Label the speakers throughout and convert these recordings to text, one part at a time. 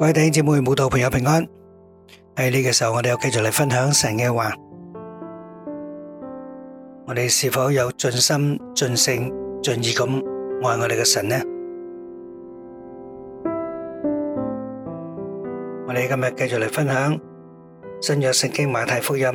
Speaker 1: 各位弟兄姊妹、慕道朋友平安。喺呢個時候，我哋又繼續嚟分享神嘅話。我哋是否有盡心、盡性、盡意咁愛我哋嘅神呢？我哋今日繼續嚟分享新約聖經馬太福音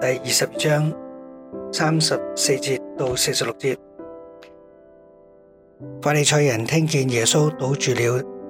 Speaker 1: 第二十章三十四節到四十六節。法利賽人聽見耶穌堵住了。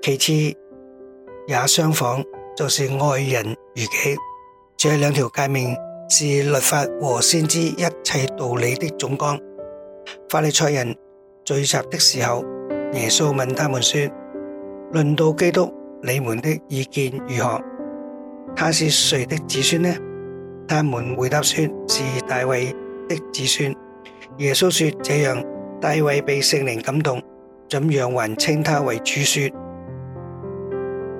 Speaker 1: 其次也相仿，就是愛人如己。這兩條誡命是律法和先知一切道理的總綱。法利賽人聚集的時候，耶穌問他們說：輪到基督，你們的意見如何？他是誰的子孫呢？他們回答說：是大衛的子孫。耶穌說：這樣大衛被聖靈感動，怎樣還稱他為主說？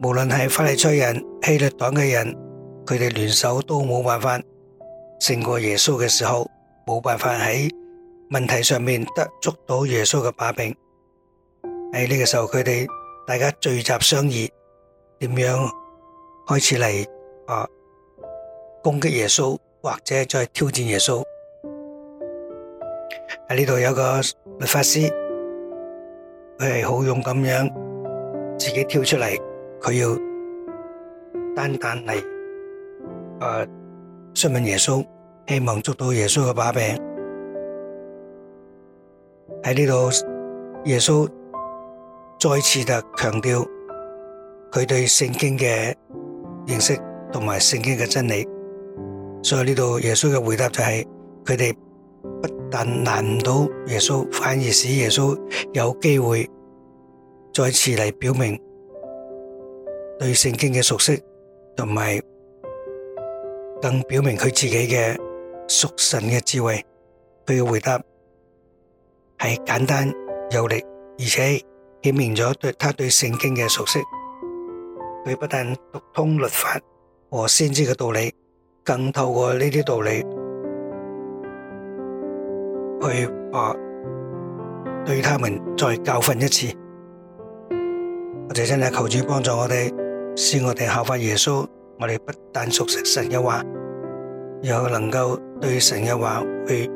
Speaker 1: 無論係法利賽人、希律黨嘅人，佢哋聯手都冇辦法勝過耶穌嘅時候，冇辦法喺問題上面得到耶穌嘅把柄。喺呢個時候，佢哋大家聚集商議，點樣開始嚟啊攻擊耶穌，或者再挑戰耶穌。喺呢度有個律法師，佢係好勇咁樣自己跳出嚟。佢要單單嚟誒詢問耶穌，希望捉到耶穌嘅把柄。喺呢度，耶穌再次就強調佢對聖經嘅認識同埋聖經嘅真理。所以呢度耶穌嘅回答就係佢哋不但難唔到耶穌，反而使耶穌有機會再次嚟表明。對聖經嘅熟悉，同埋更表明佢自己嘅屬神嘅智慧。佢嘅回答係簡單有力，而且顯明咗對他對聖經嘅熟悉。佢不但讀通律法和先知嘅道理，更透過呢啲道理去話對他們再教訓一次。我哋真係求主幫助我哋。是我哋效法耶穌，我哋不但熟悉神嘅話，又能夠對神嘅話去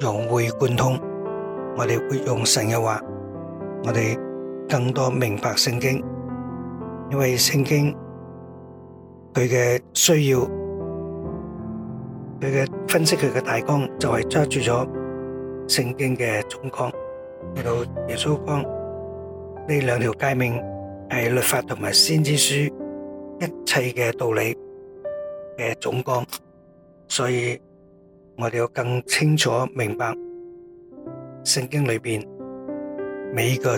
Speaker 1: 融會貫通。我哋會用神嘅話，我哋更多明白聖經。因為聖經佢嘅需要，佢嘅分析，佢嘅大綱，就係抓住咗聖經嘅總綱，嚟到耶穌光呢兩條誡命。係律法同埋先知書一切嘅道理嘅總綱，所以我哋要更清楚明白聖經裏面每個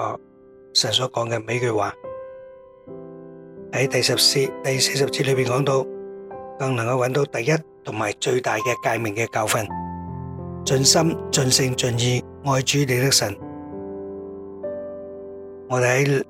Speaker 1: 啊神所講嘅每句話。喺第十四、第四十節裏面講到，更能夠揾到第一同埋最大嘅誡命嘅教訓：盡心、盡性、盡意愛主你的神。我哋喺。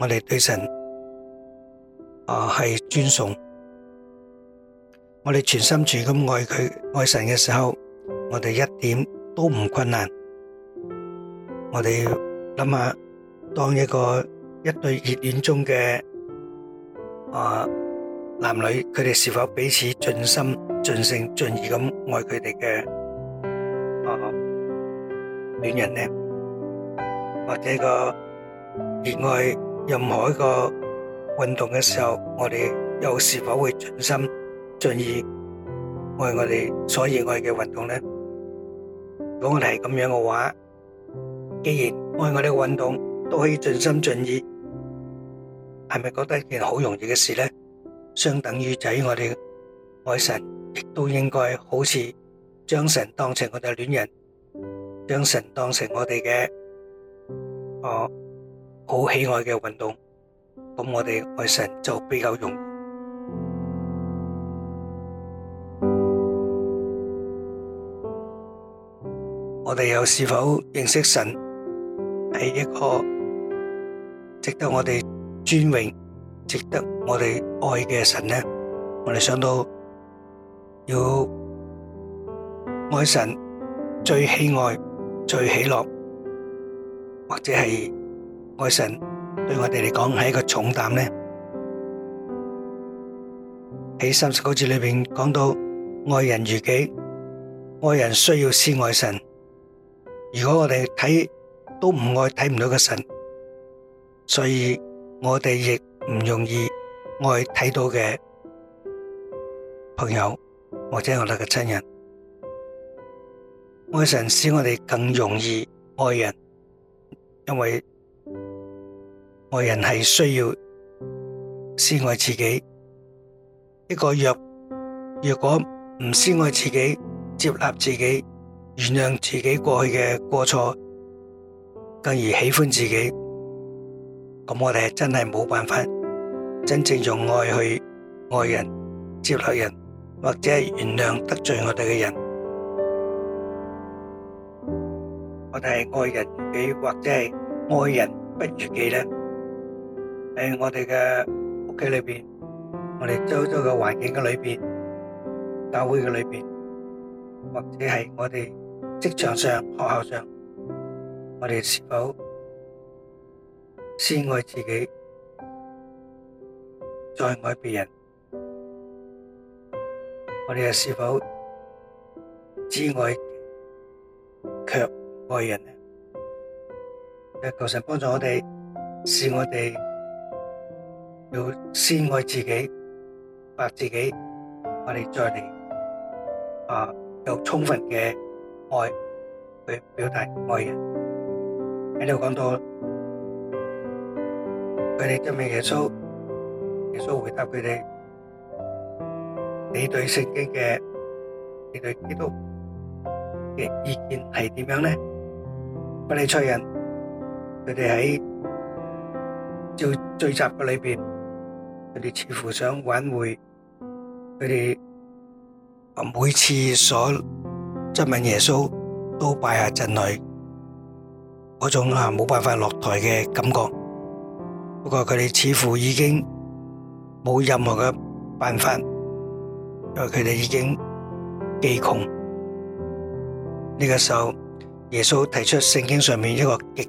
Speaker 1: 我哋對神，啊係尊崇；我哋全心全意咁愛佢、愛神嘅時候，我哋一點都唔困難。我哋諗下，當一個一對熱戀中嘅啊男女，佢哋是否彼此盡心、盡性、盡意咁愛佢哋嘅啊戀人呢？或者個熱愛？任何一個運動嘅時候，我哋又是否會盡心盡意愛我哋所熱愛嘅運動呢？如果我哋係咁樣嘅話，既然愛我哋嘅運動都可以盡心盡意，係咪覺得一件好容易嘅事呢？相等於仔我哋愛神，亦都應該好似將神當成我哋嘅戀人，將神當成我哋嘅哦。好喜愛嘅運動，咁我哋愛神就比較容易。我哋又是否認識神係一個值得我哋尊榮、值得我哋愛嘅神呢？我哋想到要愛神最喜愛、最喜樂，或者係。愛神對我哋嚟講係一個重擔咧，喺三十九節裏邊講到愛人如己，愛人需要先愛神。如果我哋睇都唔愛睇唔到嘅神，所以我哋亦唔容易愛睇到嘅朋友或者我哋嘅親人。愛神使我哋更容易愛人，因為。愛人係需要先愛自己，一個若如果唔先愛自己、接納自己、原諒自己過去嘅過錯，更而喜歡自己，咁我哋係真係冇辦法真正用愛去愛人、接納人，或者係原諒得罪我哋嘅人。我哋係愛人如己，或者係愛人不如己呢？喺我哋嘅屋企裏面，我哋周遭嘅環境嘅裏面，教會嘅裏面，或者係我哋職場上、學校上，我哋是否先愛自己，再愛別人？我哋又是否只愛己卻不愛人咧？求神幫助我哋，使我哋。要先愛自己，把自己，我哋再嚟啊，有充分嘅愛去表達愛人。喺度講到佢哋質問耶穌，耶穌回答佢哋，你對聖經嘅，你對基督嘅意見係點樣呢？不理出人，佢哋喺召聚集嘅裏邊。佢哋似乎想挽回佢哋，啊每次所質問耶穌都敗下陣來嗰種啊冇辦法落台嘅感覺。不過佢哋似乎已經冇任何嘅辦法，因為佢哋已經技窮。呢個時候，耶穌提出聖經上面一個極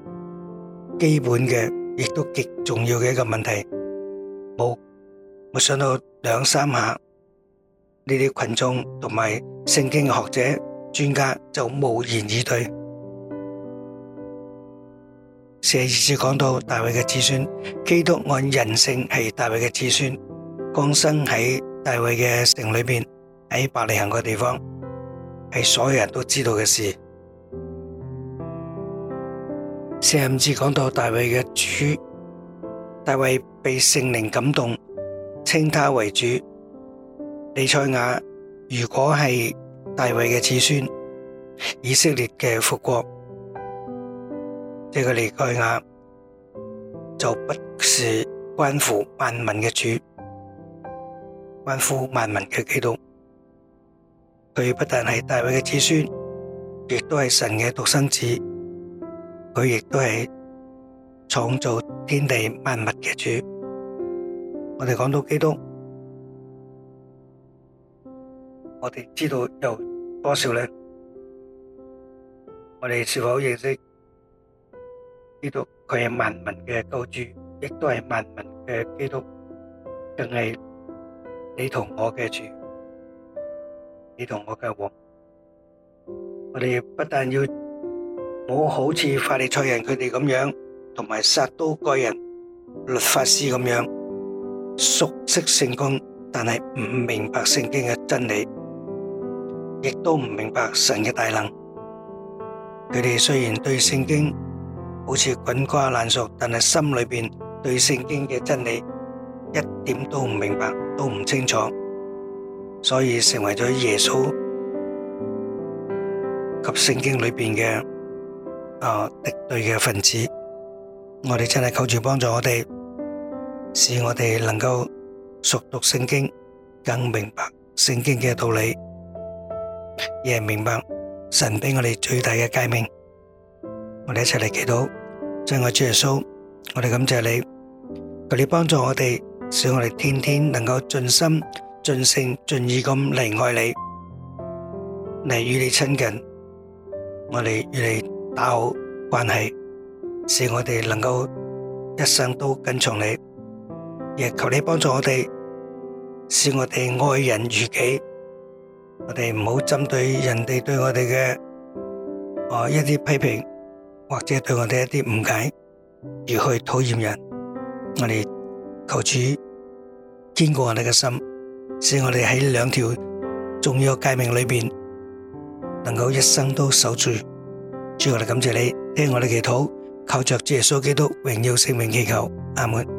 Speaker 1: 基本嘅，亦都極重要嘅一個問題，冇。我想到兩三下，呢啲群眾同埋聖經嘅學者專家就無言以對。四十二節講到大衛嘅子孫，基督按人性係大衛嘅子孫，降生喺大衛嘅城裏面，喺伯利恒嘅地方，係所有人都知道嘅事。四十五節講到大衛嘅主，大衛被聖靈感動。稱他為主，利賽亞，如果係大衛嘅子孫，以色列嘅復國，這個利賽亞就不是關乎萬民嘅主，關乎萬民嘅基督。佢不但係大衛嘅子孫，亦都係神嘅獨生子，佢亦都係創造天地萬物嘅主。我哋講到基督，我哋知道有多少呢？我哋是否認識基督？佢係萬民嘅救主，亦都係萬民嘅基督，更係你同我嘅主，你同我嘅王。我哋不但要唔好好似法利賽人佢哋咁樣，同埋撒都該人、律法師咁樣。熟悉聖經，但係唔明白聖經嘅真理，亦都唔明白神嘅大能。佢哋雖然對聖經好似滾瓜爛熟，但係心裏面對聖經嘅真理一點都唔明白，都唔清楚，所以成為咗耶穌及聖經裏面嘅誒敵對嘅分子。我哋真係求住幫助我哋。使我哋能夠熟讀聖經，更明白聖經嘅道理，亦明白神畀我哋最大嘅誡命。我哋一齊嚟祈禱，真愛主耶穌，我哋感謝你，求你幫助我哋，使我哋天天能夠盡心、盡性、盡意咁嚟愛你，嚟與你親近，我哋與你打好關係，使我哋能夠一生都跟從你。亦求你幫助我哋，使我哋愛人如己，我哋唔好針對人哋對我哋嘅啊一啲批評，或者對我哋一啲誤解而去討厭人。我哋求主堅固我哋嘅心，使我哋喺兩條重要誡命裏邊能夠一生都守住。主，我哋感謝你，聽我哋祈禱，靠着耶穌基督榮耀聖名祈求，阿門。